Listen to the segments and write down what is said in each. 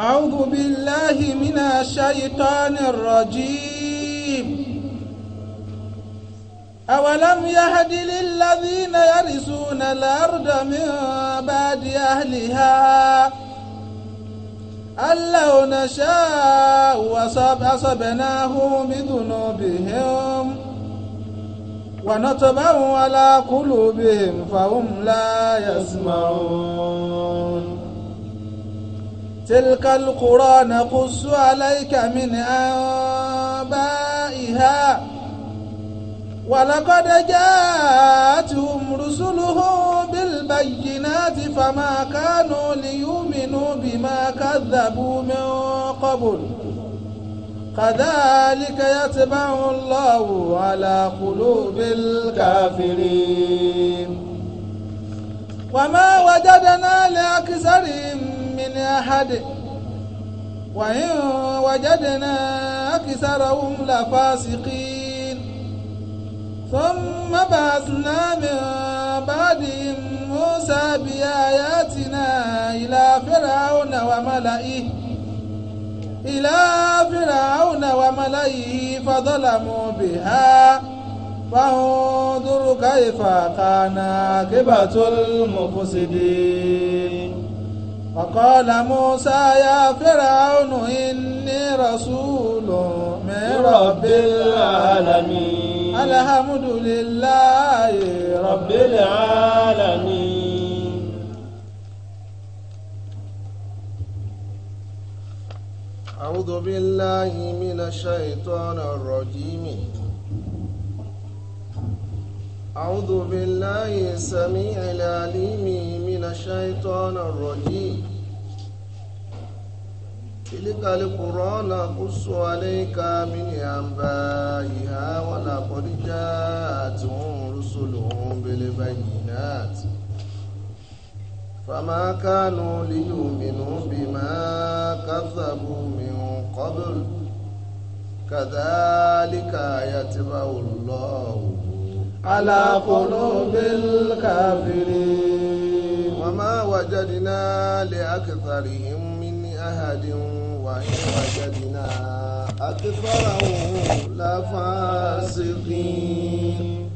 أعوذ بالله من الشيطان الرجيم أولم يهد للذين يرثون الأرض من بعد أهلها أن لو نشاء وصب أصبناه بذنوبهم ونطبع على قلوبهم فهم لا يسمعون تلك القرى نقص عليك من أنبائها ولقد جاءتهم رسلهم بالبينات فما كانوا ليؤمنوا بما كذبوا من قبل كذلك يتبع الله على قلوب الكافرين وما وجدنا لأكثر من أحد وإن وجدنا أكثرهم لفاسقين ثم بعثنا من بعدهم موسى بآياتنا إلى فرعون وملئه إلى فرعون وملئه فظلموا بها فانظر كيف كان عاقبة المفسدين وقال موسى يا فرعون إني رسول من رب العالمين الحمد لله رب العالمين أعوذ بالله من الشيطان الرجيم أعوذ بالله السميع العليم من الشيطان الرجيم تلك القرى نقص عليك من أنبائها ولقد جاءتهم رسلهم بالبينات فما كانوا ليؤمنوا بما كذبوا من قبل كذلك يتبع الله على قلوب الكافرين وما وجدنا لأكثرهم من أحد وإن وجدنا أكثرهم لفاسقين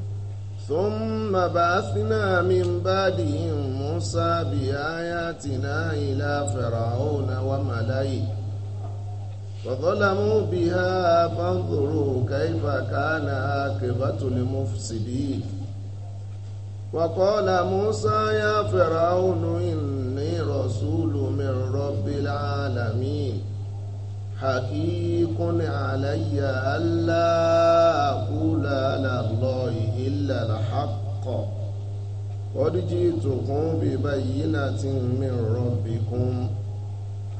ثم بعثنا من بعدهم موسى بآياتنا إلى فرعون وملئه فظلموا بها فانظروا كيف كان عاقبة المفسدين وقال موسى يا فرعون إني رسول من رب العالمين حقيق علي ألا أقول على الله إلا الحق قد جئتكم ببينة من ربكم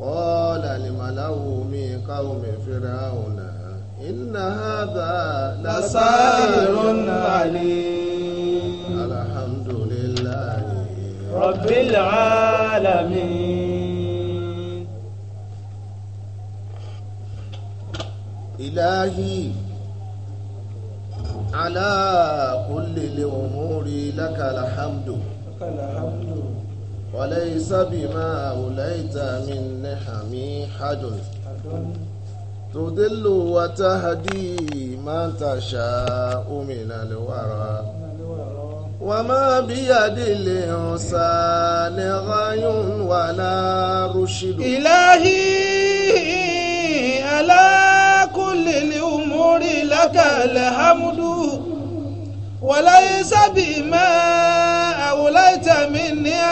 قال لملأ من قوم فرعون إن هذا لساحر عليم الحمد لله رب العالمين إلهي على كل الأمور لك الحمد لك الحمد وليس بما أوليت من نحمي حد تضل وتهدي من تشاء من الورى وما بيد الإنسان غي ولا رشد إلهي على كل الأمور لك الحمد وليس بما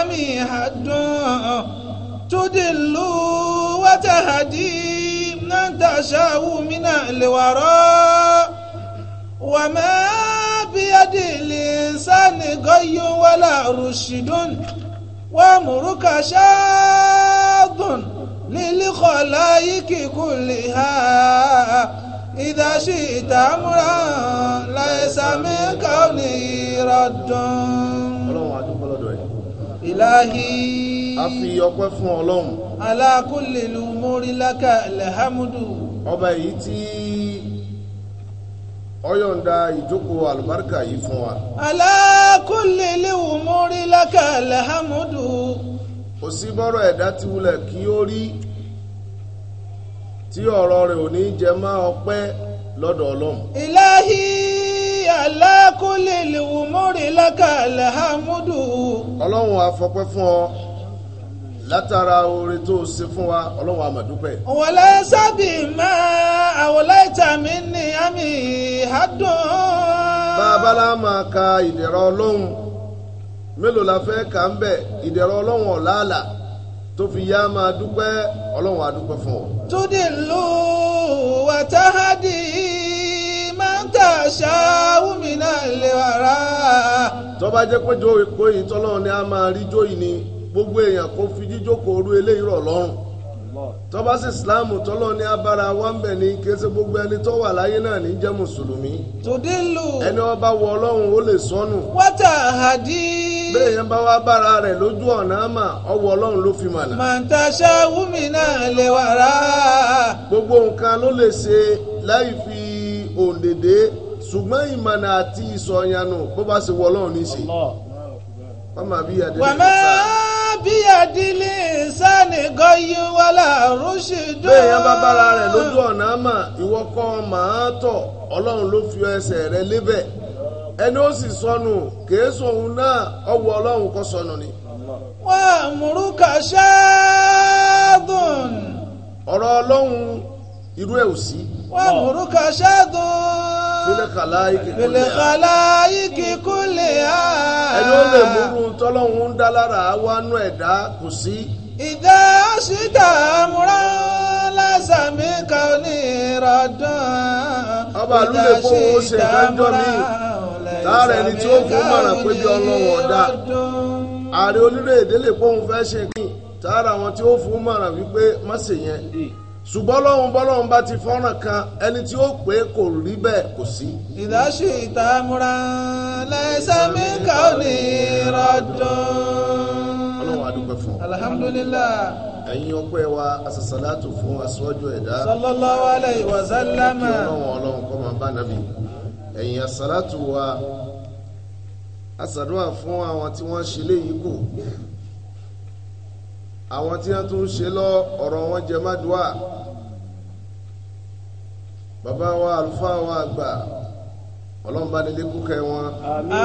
مميهة تدل وتهدي من تشاء من الوراء وما بيد الإنسان غي ولا رشد وأمرك شاذ للخلائق كلها إذا شئت أمرا ليس من كونه رد ìláhí. a fi ọpẹ́ fún ọlọ́run. alákùlélù mórílákà lẹ́hàmúdù. ọba èyí tí ọyọ̀ǹda ìjókòó àlùbáríkà yìí fún wa. alákùlélù mórílákà lẹ́hàmúdù. kò sí bọ́rọ̀ ẹ̀dá tí wulẹ̀ kí ó rí tí ọ̀rọ̀ rẹ̀ ò ní jẹ mọ́ ọpẹ́ lọ́dọ̀ ọlọ́run. ìláhí ala kulli umuri lakal hamdu. ọlọ́run àfọpẹ́ fún ọ látara oore tó ṣe fún wa ọlọ́run àmàdúpẹ́. wọlé sábì máa àwọlé ìtàmì ní àmì àdùn. bàbá la máa ka ìdẹ̀rọ ọlọ́run mélòó la fẹ́ kà ń bẹ̀ ìdẹ̀rọ ọlọ́run ọ̀làlà tó fi yá máa dúpẹ́ ọlọ́run àdúpẹ́ fún ọ. túndínlù wàtáhádìí. tàṣà wùmínà lè wàrà. tọ́ba jẹ́ pé jó ìpò ni a máa rí jó yìí ni gbogbo èèyàn kó fi jíjókòó oru eléyìí rọ̀ lọ́rùn tọ́ba sí tọ́lọ́ ní abara wa ń bẹ̀ ní gbogbo ẹni tó wà láyé náà ní jẹ́ mùsùlùmí. lù. ẹni wọn bá wọ ọlọ́run ó lè sọnù. wọ́tà àdí. bẹ́ẹ̀ yẹn bá wá bára rẹ̀ lójú ọ̀nà àmà ọwọ́ ọlọ́run ló fi òǹdèdè ṣùgbọ́n ìmọ̀nà àti ìsọ̀yànù bó bá ṣe wọ ọlọ́run ní í ṣe. wàmà bí àdìlì sani wà wàlà rúṣì dùn. bẹ́ẹ̀ yẹn bá bára rẹ̀ lójú ọ̀nà àmà ìwọ kọ́ màá tọ̀ ọlọ́run ló fi ẹsẹ̀ rẹ̀ lébẹ̀ ẹni ó sì sọnù kìí sóhun náà ọwọ́ ọlọ́run kọ́ sọnù ni. wọ́n àmúrúkà ṣáàdùn. ọ̀rọ̀ ọlọ́run irú ẹ̀ ò sí. وامرك شاذ fìlẹ̀ kàlá yìí kú lè ẹni ó lè múrú tọ́lọ́hún ń dá lára wánú ẹ̀dá kò sí. ìdá ṣídà múra lásàmì kan ní ìrọ̀dún. ọba àlú lè kó owó ṣe ìdájọ́ mi lára ẹni tí ó fún mọ̀ràn péjọ ọlọ́wọ́ ọ̀dà. ààrẹ orílẹ̀-èdè lè kó òun fẹ́ ṣe kí tààrà àwọn tí ó fún mọ̀ràn wípé má ṣe yẹn ṣùgbọ́n lọ́hùn bọ́lọ́hùn bá ti fọ́ràn kan ẹni tí ó pé kò rí bẹ́ẹ̀ kò sí. ìdáṣe ìtàmúra lẹ́sàmí káwọ́nì rọ́dún. ọlọ́run adúpẹ́ fún alhamdulilah. ẹ̀yin ọpẹ́ wa asàsàlátù fún aṣíwájú ẹ̀dá. sallallahu alayhi wa kí ọlọ́run ọlọ́run kọ́ máa bá nàbì. ẹ̀yin asàlátù wa asàdúrà fún àwọn tí wọ́n ṣe léyìí kù àwọn tí wọ́n tún ṣe lọ ọ̀rọ̀ wọn jẹ mádùá bàbá wa àlùfáà wa àgbà ọlọ́run bá nílé kúkẹ́ wọn.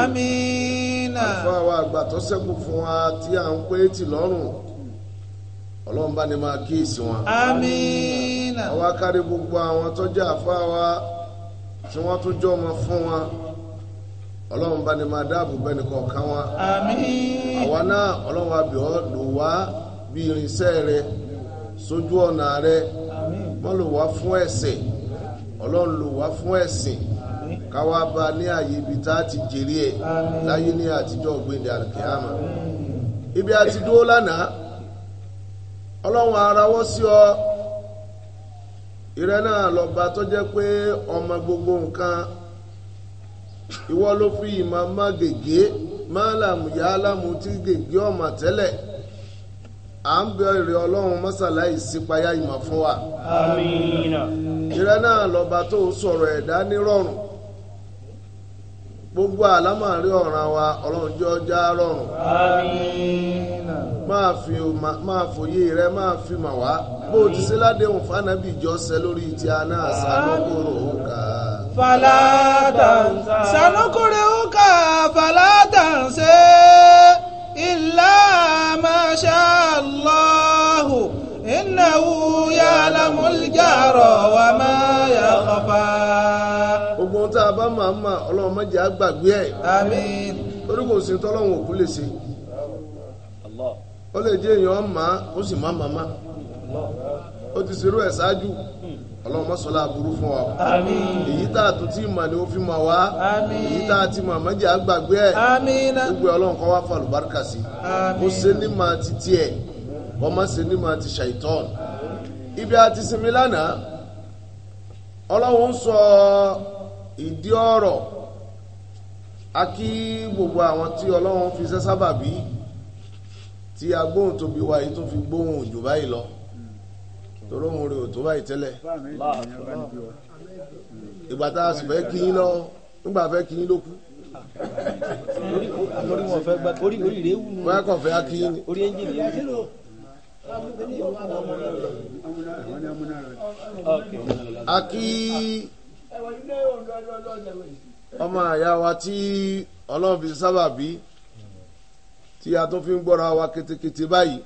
amiina. àlùfáà wa àgbà tó fún wa tí à ń pé tì lọ́rùn ọlọ́run bá ní máa kíyèsí wọn. amiina. àwa kárí gbogbo àwọn tọ́jà àfáà wa tí wọ́n tún jọ ọmọ fún wa ọlọ́run bá ní máa dáàbò bẹ́ẹ̀ ni kọ̀ọ̀kan wa. amiina. àwa náà ọlọ́run àbí ọ́ lò wá bí irinṣẹ́ rẹ sójú ọ̀nà rẹ wọ́n lò wá fún ẹ̀sìn ọlọ́run lò wá fún ẹ̀sìn káwá bá ní àyè ibi tá a ti jèrè ẹ̀ láyé ní àtijọ́ ògbéǹde àlùkìyàmà ibi àti dúró lánàá ọlọ́run arawọ́ sí ọ ìrẹ́ náà lọ́ba tó jẹ́ pé ọmọ gbogbo nǹkan ìwọ ló fi ìmọ̀ má gègé má làmùyá lámù tí gègé ọ̀mà tẹ́lẹ̀ à ń bẹ èrè ọlọ́run mọ́sálá ìsípayá ìmọ̀ fún wa. ìrẹ́ náà lọ́ba tó sọ̀rọ̀ ẹ̀dá nírọ̀rùn gbogbo àlámàrí ọ̀ràn wa ọlọ́run rọrùn. máa fi fòye rẹ máa fi mà wá bó o ti ṣe ládéhùn fànàbì jọ́sẹ̀ lórí ti aná àṣà lókòrò òǹkà. fàlàdà sanukure إنه يعلم الجهر وما يخفى. ogun tá a bá máa ma ọlọ́run má jẹ́ á gbàgbé ẹ̀. àmín. torí kò sí tọ́lọ́run òkú lè ṣe. ó lè jẹ́ èèyàn máa ó sì má màmá. ó ti ṣerú ẹ̀ ṣáájú hmm. ọlọ́run má sọlá aburú fún wa. àmín. èyí tá a tún tí mà ni ó fi mà wá. èyí tá a ti mà má gbàgbé ẹ̀. gbogbo ọlọ́run kọ́ wá fàlùbáríkà sí. àmín. ṣe ní màá ti tiẹ̀ kọ́mọ́sí ní máa ti ṣàìtọ́n ibi àti sinmi lánàá ọlọ́run sọ ìdí ọ̀rọ̀ a kí gbogbo àwọn tí ọlọ́run fi ṣe sábàbí tí agbóhùn tóbi wa yìí tó fi gbóhùn òjò báyìí lọ torí òun rè ò tó báyìí tẹ́lẹ̀ ìgbà tá a sì fẹ́ kí yín lọ nígbà fẹ́ kí yín ló kú orí wọn fẹ́ gbà orí orí wù. wọ́n á kàn fẹ́ kí yín ni. orí ẹ́ńjìnì yẹn akí ọmọ àyà wa tí ọlọ́run fi sábà bí tí a tún fi ń gbọ́ra wa ketekete báyìí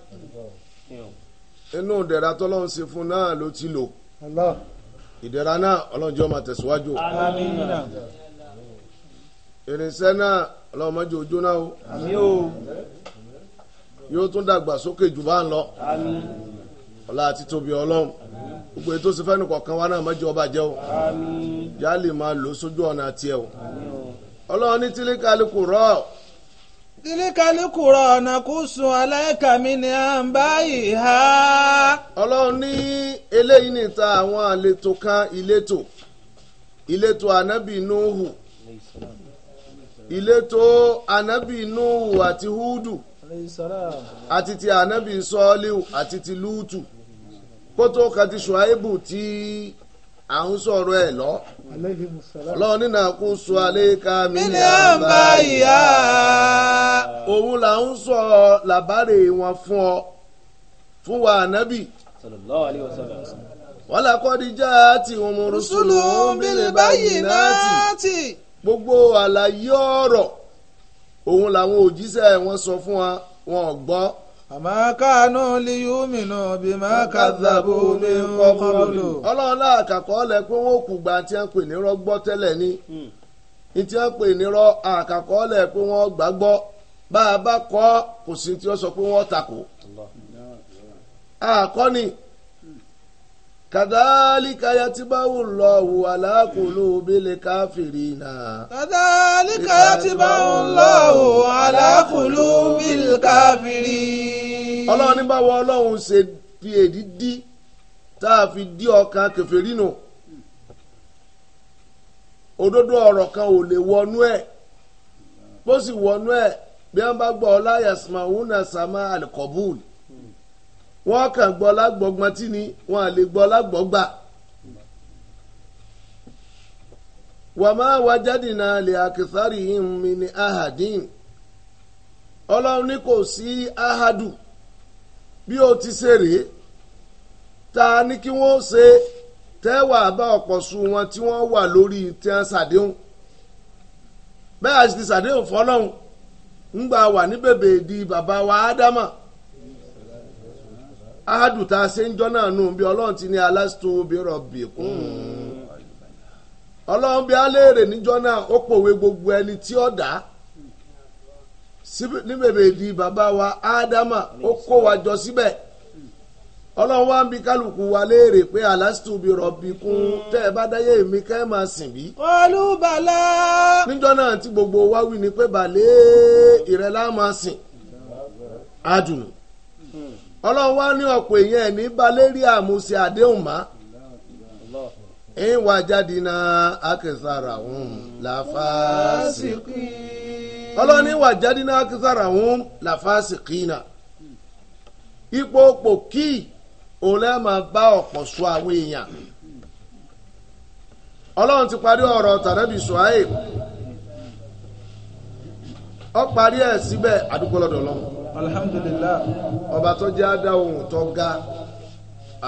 inú ìdẹ̀ra tọ́lọ́run ṣe fún náà ló ti lò ìdẹ̀ra náà ọlọ́run jẹ́ ó máa tẹ̀síwájú irinṣẹ́ náà ọlọ́run má jẹ́ ó o yóò tún dàgbà sókè jù bá ń lọ ọlá àti tóbi ọlọ́run gbogbo ètò sí fẹ́nu kọ̀ọ̀kan wa náà mọ́jọ́ ọba jẹ́ o já máa lò sójú ọ̀nà àti ẹ̀ o ọlọ́run ní tílíkàlùkù rọ̀ tílíkàlùkù rọ̀ ọ̀nà kò sùn aláìkàmí ni à ń báyìí ha. ọlọ́run ní eléyìí níta àwọn àlejò kan ìletò ìletò ànábì Nuhu ìletò ànábì Nuhu àti Húdù àti ti ànábì sọ́ọ́líù àti ti lúùtù kótó kan ti ṣùáìbù tí à ń sọ̀rọ̀ ẹ̀ lọ. ọlọ́run nínú àkóso àlééká mi ní àbá ìyá. òun là ń sọ làbárè wọn fún ọ fún wa ànábì. wọ́n lakọ́dí já ti òmùrùsùlù bílíbáyìí náà ti. gbogbo àlàyé ọ̀rọ̀. òun làwọn òjíṣẹ́ wọn sọ fún wa wọn ò gbọ́. àmọ́ káànú liyúmi náà bí má kàdàbò mi kọ́kọ́rọ́dò. ọlọ́run náà kàkọ́ lẹ pé wọ́n ò kú gba tí wọ́n pè nírọ́ gbọ́ tẹ́lẹ̀ ni hmm. tí wọ́n pè nírọ́ àkàkọ́ lẹ pé wọ́n gbàgbọ́ bá a bá kọ́ kò sí tí wọ́n sọ pé wọ́n takò. àkọ́ni. Ah, kàdálíkà yatibawu lọ́wọ́ alákòóló bẹ́lẹ̀ káfíìrì náà. kàdálíkà yatibawu lọ́wọ́ alákòóló bẹ́lẹ̀ káfíìrì. ọlọ́run ní báwo ọlọ́run ṣe fi èdí dí tá a fi dí ọkàn kẹfẹ́rì nù. òdodo ọ̀rọ̀ kan ò lè wọnú ẹ̀ bó sì wọnú ẹ̀ bí wọ́n bá gbọ́ ọ láyà sàmáwúnà sàmá alikọ́bùl. wọ́n kàn gbọ́ lágbọ́gbọ́n tí ni wọ́n à lè gbọ́ lágbọ́gbà. wàmá wajadina lè àkìsárì mi ni ahadin ọlọ́run ní kò sí ahadu bí o ti ṣe rèé ta ni kí wọ́n ṣe tẹ́wàá bá ọ̀pọ̀ sun wọn tí wọ́n wà lórí tí wọ́n ṣàdéhùn bẹ́ẹ̀ àti ti ṣàdéhùn fọlọ́hún ńgbà wà ní bèbè di bàbá wa ádámà. áádù tá a ń jọ́ náà nù bí ọlọ́run ti ní alásùtò bí rọ̀bì kún ọlọ́run bí aléèrè níjọ́ náà ó pòwe gbogbo ẹni tí ó dá níbèbè di bàbá wa ádámà ó kó wa jọ síbẹ̀ ọlọ́run wá ń bi kálukú wa léèrè pé gbogbo wa wí ni pé ìrẹ́lá máa sìn ọlọ́run ní ọ̀pọ̀ èèyàn ní balérí àmúṣe àdéhùn ìwà jáde na akẹsàrà òun làfáàsìkì ọlọ́run ìwà jáde na akẹsàrà òun ipò bá ọ̀pọ̀ sọ àwọn èèyàn ọlọ́run ti parí ọ̀rọ̀ tàrẹ́bì sùháì ọ parí ẹ̀ síbẹ̀ lọ́dọ̀ alhamdulillah ọba tó jẹ́ àdá ohun tó ga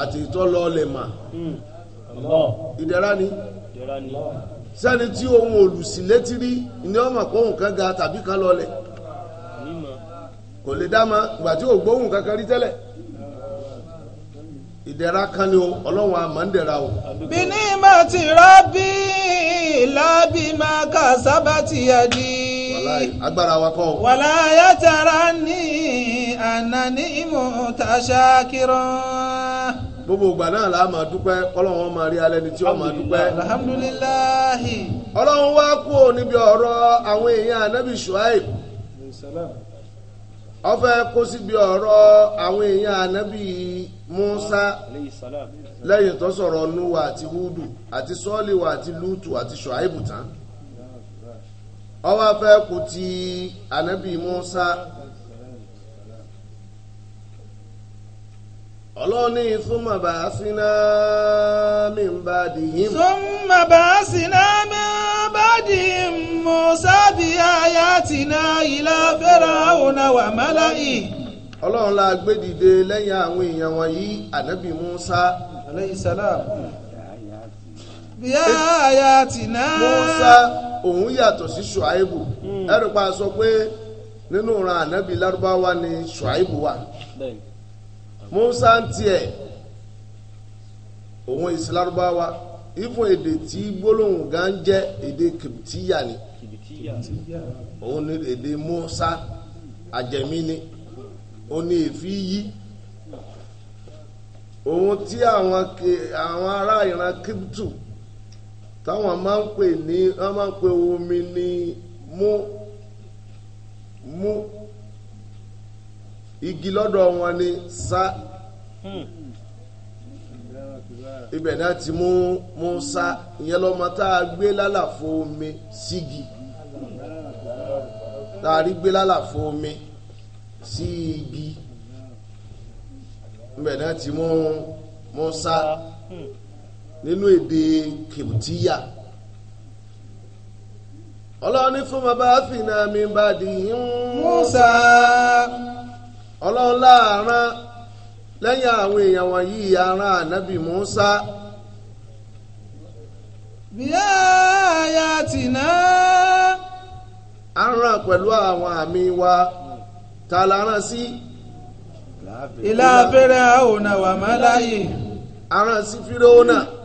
àti tó lọ lè mà hmm. ìdẹ̀ra ni sẹ́ni tí ohun olùsílétí rí ni ọmọ pé ohun kan ga tàbí kan lọ lẹ̀ kò lè dá ma ìgbà tí ò gbóhùn kankan rí tẹ́lẹ̀ ìdẹ̀ra kan ni ọlọ́run àmọ́ o. bíní mà ti rábì lábì kà sábà ti di agbára wa kọ́. wàlá yàtàrà ní ànání ìmọ̀ tàṣà kírán. gbogbo ìgbà náà la máa dúpẹ́ ọlọ́run máa rí alẹ́ ni tí ó máa dúpẹ́. alhamdulilayi. ọlọ́run wá kú níbi ọ̀rọ̀ àwọn èèyàn anabi shuaib ọfẹ kó síbi ọ̀rọ̀ àwọn èèyàn ànábì Musa lẹ́yìn tó sọ̀rọ̀ nuwa àti hudu àti sọọliwa àti lutu àti shuaibu tán ọwọ́ afẹ́ kù ti ànábì Musa ọlọ́ọ̀ni súnmọ̀ bá a sí náà mi ń bá di yín. súnmọ̀ bá a sí náà ń bá di Musa aya ti ìlà fẹ́ràn yìí. ọlọ́run la gbé dìde lẹ́yìn àwọn èèyàn wọ̀nyí ànábì aleyhi salaam. bí tì náà. Musa òun yàtọ̀ sí Ṣuaibu hmm. ẹ̀rù pa sọ pé nínú ìran ànábì lárúbáwá ni Ṣuaibu wà Musa ń tiẹ̀ òun èsì lárúbáwá ifun èdè tí gbólóhùn gan jẹ́ èdè kìbìtìyà ni òun ni èdè Musa àjẹmí ni òun ni èéfì yí òun tí àwọn ará ìran kìbìtù táwọn máa ń pè ní wọ́n máa ń pè omi ní mú mú igi lọ́dọ̀ wọn ni sá hmm. ibẹ̀ náà ti mú mú sá ìyẹn lọ́mọ tá a gbé lálàfo omi sígi tá a rí gbé lálàfo omi sí igi ibẹ̀ náà ti mú mú sá. Hmm nínú èdè kìbùtíyà ọlọ́run ní fún bàbá fìnnà mi bá di Mùsá ọlọ́run láàrán lẹ́yìn àwọn èèyàn wọ̀nyí aràn ànábì Mùsá. bíyà ayà tì náà. a ń ràn pẹ̀lú àwọn àmì wa ta la rán sí. ìlà abẹ́rẹ́ àwọn wà má láàyè. a rán sí fírónà. Si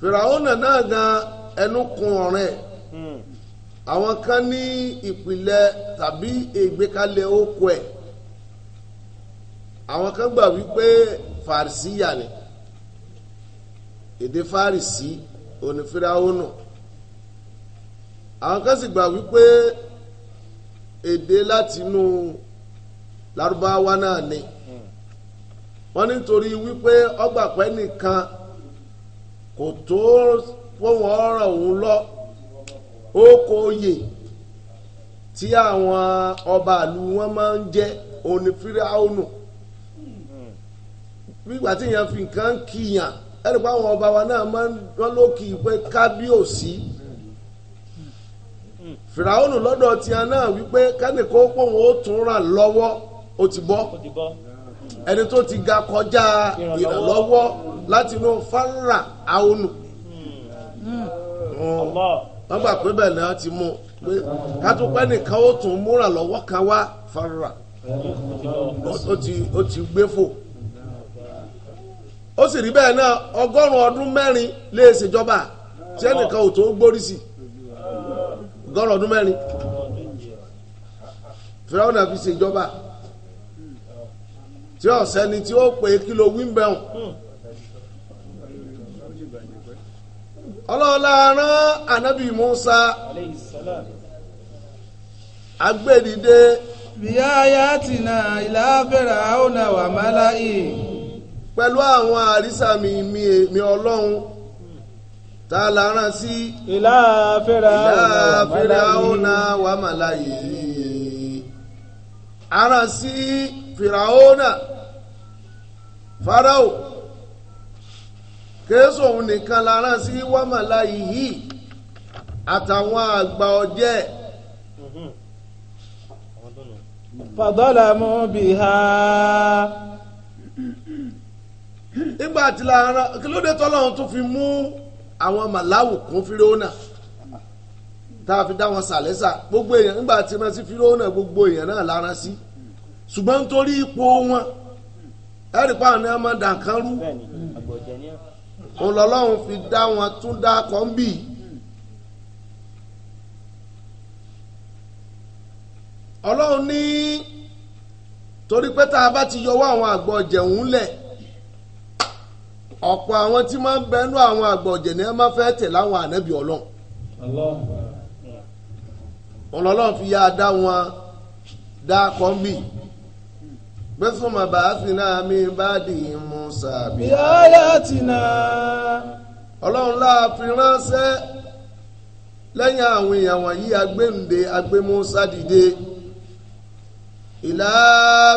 fìràwọ́nà náà gan ẹnu kun ọ̀rẹ́ hmm. àwọn kan ní ìpìlẹ̀ tàbí ìgbékalẹ̀ oko ẹ̀ àwọn kan gbà wípé fàrísíyà ni èdè fàrísí onífìràwọ́nà àwọn kan sì gbà wípé èdè látinú lárúbáwá náà ni hmm. wọ́n nítorí wípé ọgbà pẹ́ nìkan. kò tó fóun ọ̀rọ̀ òun lọ ó kó oyè tí àwọn ọba ìlú wọn máa ń jẹ òní fíráúnù tí èèyàn fi nǹkan kìyàn ẹni àwọn ọba wa náà máa ń wọn ló kì í pé kábíyèsí lọ́dọ̀ náà wípé kánìkó pòun ó tún ràn ó ti ẹni tó ti ga kọjá ìrànlọ́wọ́ láti inú fárá àwọnù hmm. hmm. wọ́n gbà pé bẹ́ẹ̀ náà ti mú pé kátúpẹ́ nìkan ó tún múra lọ́wọ́ kan wá fárá ó ti gbé fò ó sì rí bẹ́ẹ̀ náà ọgọ́rùn-ún ọdún mẹ́rin lè ṣèjọba tí ẹnìkan ò tó gbórí sí ọgọ́rùn-ún ọdún mẹ́rin fìràwọ́n náà fi ṣèjọba tí ọ̀sẹ́ni tí ó pè é kí ló wí ń bẹ̀rùn. ọlọ́ọ̀la rán ànábì Musa agbẹ́dìde. bíyá ayá ti nà ìlà abẹ́rẹ́ àwọn àwọn àmàláyé. pẹ̀lú àwọn àrísà mi mi ọlọ́run tá a la rán sí. ìlà abẹ́rẹ́ àwọn àwọn àmàláyé. ara sí fìràwọ́nà. Si farao kéésù òun nìkan lára sí wàmàlà yìí àtàwọn àgbà ọjẹ́ fàdọ́làmú bì ha. nígbà tí lára kí ló dé tọ́lọ́run tún fi mú àwọn màláwù kún fírónà tá a fi dá wọn sàlẹ́sà gbogbo èèyàn nígbà tí wọ́n fírónà gbogbo èèyàn náà lára sí ṣùgbọ́n nítorí ipò wọn. ẹ̀rí pa àwọn ọmọ dàǹkan rú ọlọ́lọ́run fi dá wọn tún dá kọ́ńbì. ọlọ́run ní torí pé tá a bá ti yọwọ́ àwọn àgbọ̀ ọ̀jẹ̀hún lẹ̀ ọ̀pọ̀ àwọn tí máa ń bẹnu àwọn àgbọ̀ ọ̀jẹ̀ ni ẹ máa fẹ́ tẹ̀ láwọn ànábì ọlọ́run ọlọ́run fi yá a dá wọn dá kọ́ńbì bẹ́sùnmọ̀ bá a sì náà mi bá dì í Musa bí. yáyà tì náà. ọlọ́run láà fi ránṣẹ́ lẹ́yìn àwọn èèyàn wọ̀nyí agbẹ́ǹde agbẹ́mọ́sá dìde ìlà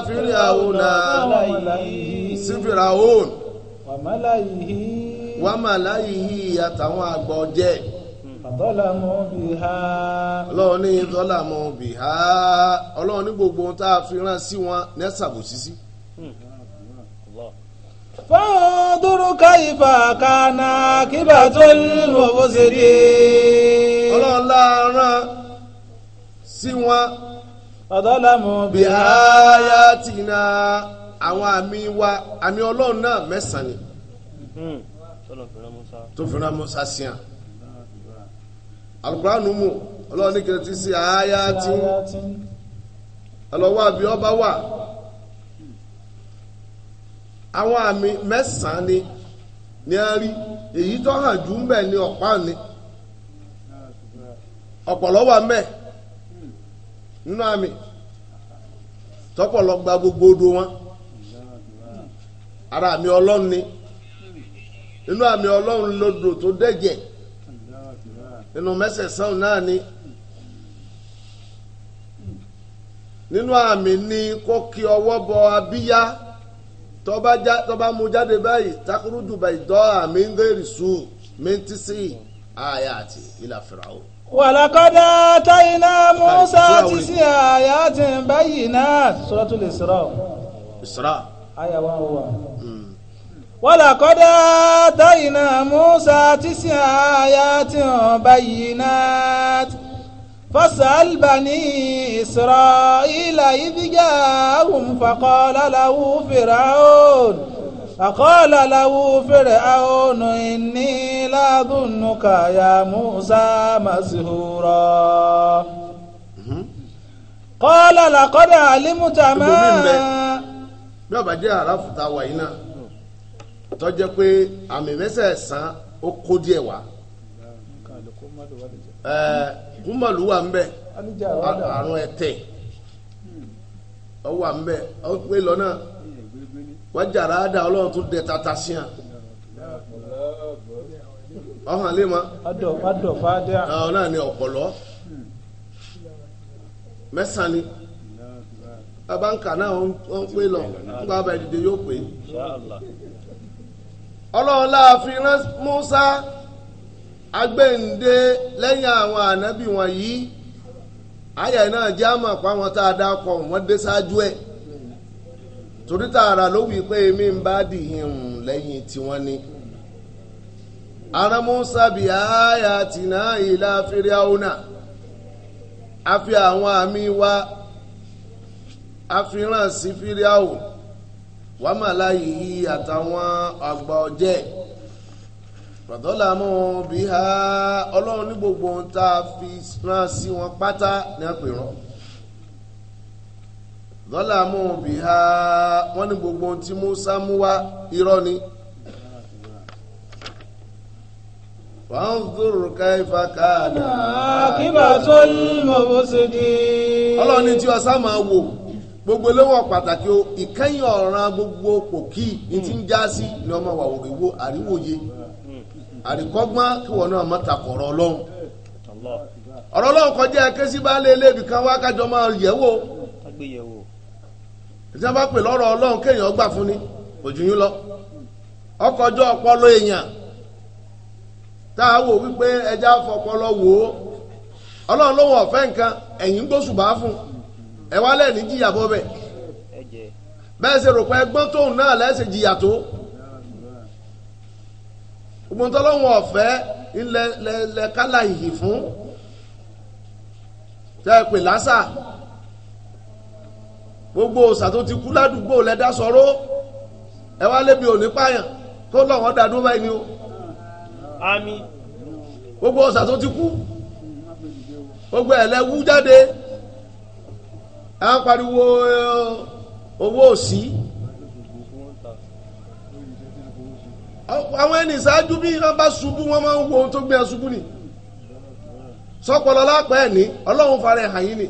fìrìhàwò náà sí fìràwò wàmàláyìí àtàwọn àgbọ̀ jẹ́. fàdọ́làmọ́ bì ha. ọlọ́run dọ́làmọ́ bì ha. ọlọ́run gbogbo ohun tá a fi rán sí wọn ní ṣàbòsí na fọ́ńdúró káyìfà kànáà kíbà tó ọlọ́run rán sí wọn. fàdọ́làmọ́ bì há yá tì àwọn àmì wa àmì ọlọ́run náà mẹ́sàn-án hmm. alukuraanu mu ọlọ́run ní kìrìtì sí àáyá tí ọlọ́wọ́ àbí ọba wà àwọn àmì mẹsàn án ni ni a rí èyí tó hàn jù ń bẹ̀ ni wà nínú àmì tọpọlọ gba gbogbo odo wọn ara àmì ọlọ́run ni àmì lodò tó nínú mẹ́sẹ̀sán náà ni nínú àmì ni kó kí ọwọ́ bọ abíyá tọ́ba mú jáde báyìí takuru dubai dọ́ àmì ń gẹ́rì sùn mẹ́ntísì àyà àti ìlà fìràwọ̀. ولقد آتينا موسى تسع آيات بينات سورة الإسراء. إسراء. آية 101 ولقد آتينا موسى تسع آيات بينات فاسأل بني إسرائيل إذ جاءهم فقال له فرعون فقال له فرعون إني لأظنك يا موسى مسهورا قال لقد علمت ما bí ọba jẹ́ àràfùtà wàyí náà tó jẹ́ pé àmì mẹ́sẹ̀ẹ̀sán ó kó díẹ̀ wá kúmọ̀lù wà ń bẹ̀ àrùn ẹ̀tẹ̀ ọ wà ń bẹ̀ ọ pé lọ́nà wájàrá dá ọlọ́run tún dẹ tata sí hàn ọ̀hàn lé ọ náà ni ọ̀pọ̀lọ́ mẹ́sàn-án ni náà ó ń pè lọ ọlọ́run láàfin Musa agbẹ́ǹde lẹ́yìn àwọn ànábì wọ̀nyí àyà náà jẹ́ àmọ̀ pa wọn tá a dá kọ̀ wọ́n dé ṣáájú ẹ̀ torí tààrà ló wí pé èmi ń bá dìhìn lẹ́yìn tiwọn ni arán Musa bí tina ila ìlà a fi àwọn àmì wa a fi ràn sí wàmà láyé yí àtàwọn àgbà ọ̀jẹ̀ rọ̀dọ́là mọ́ bí ha ọlọ́run ní gbogbo ohun tá a fi rán sí wọn pátá ní àpèrán rọ̀dọ́là mọ́ bí ní gbogbo ohun tí Musa mú wá irọ́ ni. fanzur kaifa kana. àkíbà tó ń mọ̀ bó di. ọlọ́run ní tí ọ̀sán máa wò. gbogbo eléwọ̀n pàtàkì o ìkẹyìn ọ̀ràn gbogbo pòkì ní ti ń já sí ni ọmọ wà wòrìwò àríwòye àríkọ́gbọ́n kí wọn náà má takọ̀rọ̀ ọlọ́run ọ̀rọ̀ ọlọ́run kọjá ẹ̀kẹ́ sí bá lé eléèbì kan wá kájọ máa yẹ̀ wò ìjọba bá pè lọ́rọ̀ ọlọ́run kéèyàn gbà fún ni òjò yín lọ ọkọjọ́ ọpọlọ èèyàn tá a wò wípé ẹja fọpọlọ wò ó ọlọ́run lóhùn ọ̀fẹ́ nǹkan ẹ̀yìn gbósùbà fún ẹ wá lẹ́ẹ̀ní jìyà bọ́ bẹ́ẹ̀ bẹ́ẹ̀ ṣe rò pé ẹgbọ́n tóun náà lẹ́sẹ̀ jìyà tó gbogbo tọ́lọ́wọ́n ọ̀fẹ́ ilẹ̀ kálá ìhì fún tẹ́ ẹ pè lásà gbogbo òòsà tó ti kú ládùúgbò lẹ́dá sọ̀rọ̀ ẹ wá lébi òní pààyàn kó lọ́wọ́n dàdú báyìí ni o. àmín. gbogbo òòsà tó ti kú gbogbo ẹ̀ lẹ́wú jáde. a pariwo eh, owó òsì àwọn ẹni ìṣáájú bí wọ́n bá ṣubú wọ́n máa ń wo ohun tó gbé ni sọpọlọ lápẹ ní Ọlọ́run fara ẹ ni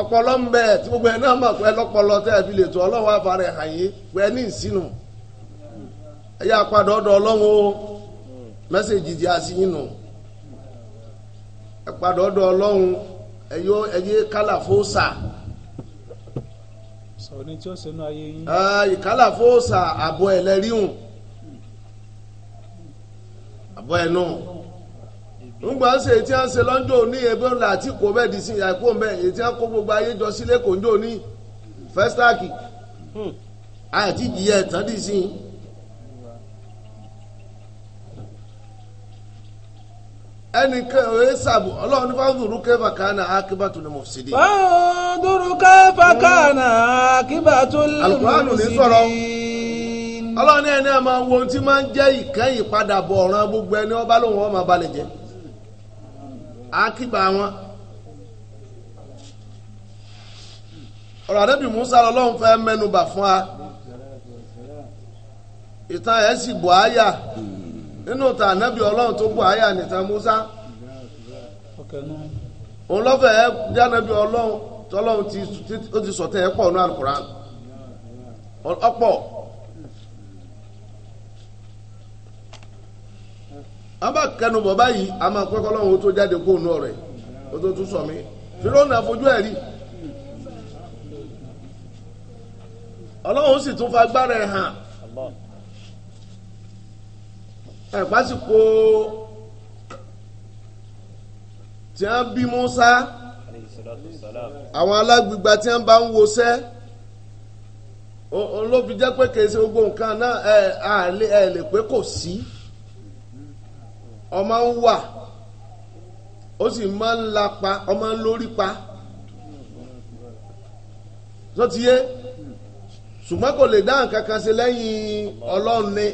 ọpọlọ ń bẹ tí gbogbo ẹ náà pé lọpọlọ tẹ ẹ lè tó fara ẹ ní ẹ padà o di àṣìyìn nù ẹ̀yọ́ ẹ̀yẹ kálàfóòsà. sọ̀rọ̀ ní tí ó sẹ́nu ayé yín. Ah, ìkálàfóòsà àbọ̀ ẹ̀lẹ́ríhùn àbọ̀ ẹ̀ náà ńgbà ń ṣe etí à ń ṣe lọ́njọ́ òní ẹgbẹ́ ńlá àti kò bẹ́ẹ̀ di sí àìkú ọ̀mẹ́ etí à ń kó gbogbo ayé jọ sílé kòńjọ́ òní fẹ́stákì àti hmm. ìjìyà ẹ̀tàn dì sí i. eni ẹ sàbò ọlọ́run ní fàǹdùrú kẹfà kánà akíbàtú ni mufsidin. fàǹdùrú kẹfà kánà akíbàtú ni mufsidin. alukuraanu ní sọ̀rọ̀ ọlọ́run ẹni ẹ máa wo ohun máa ń jẹ́ ìkẹyìn padà bọ̀ ọ̀ràn gbogbo ẹni ọba lòun ọmọ abalẹ̀ jẹ́ wọn. musa lọ́lọ́run fẹ́ mẹ́nubà fún wa ìtàn nínú ta anabi ọlọ́run tó gbọ́ àyà nìtàn Musa òun lọ́fẹ̀ ẹ bí ànábì ọlọ́run tọ́lọ́run ó ti sọ̀tẹ̀ ẹ pọ̀ ní alukuran ọ̀pọ̀. abá kẹnu bọ̀ báyìí a máa pẹ́ kọ́lọ́run tó jáde kó nù ọ̀rẹ́ ó tó tún sọ mí fìrọ́nù àfojú ẹ̀ rí. ọlọ́run àpásìkò tí wọ́n bí Musa àwọn alágbègbè tí wọ́n bá ń wọṣẹ́ òun ló fi jẹ́ pé kèsì gbogbo nǹkan náà ẹ̀ lè pé kò sí ọmọ ń wà ó sì máa ń lapa ọmọ ń lórí pa sọ́tiyé ṣùgbọ́n kò lè dá nǹkan kan ṣe lẹ́yìn Ọlọ́run ni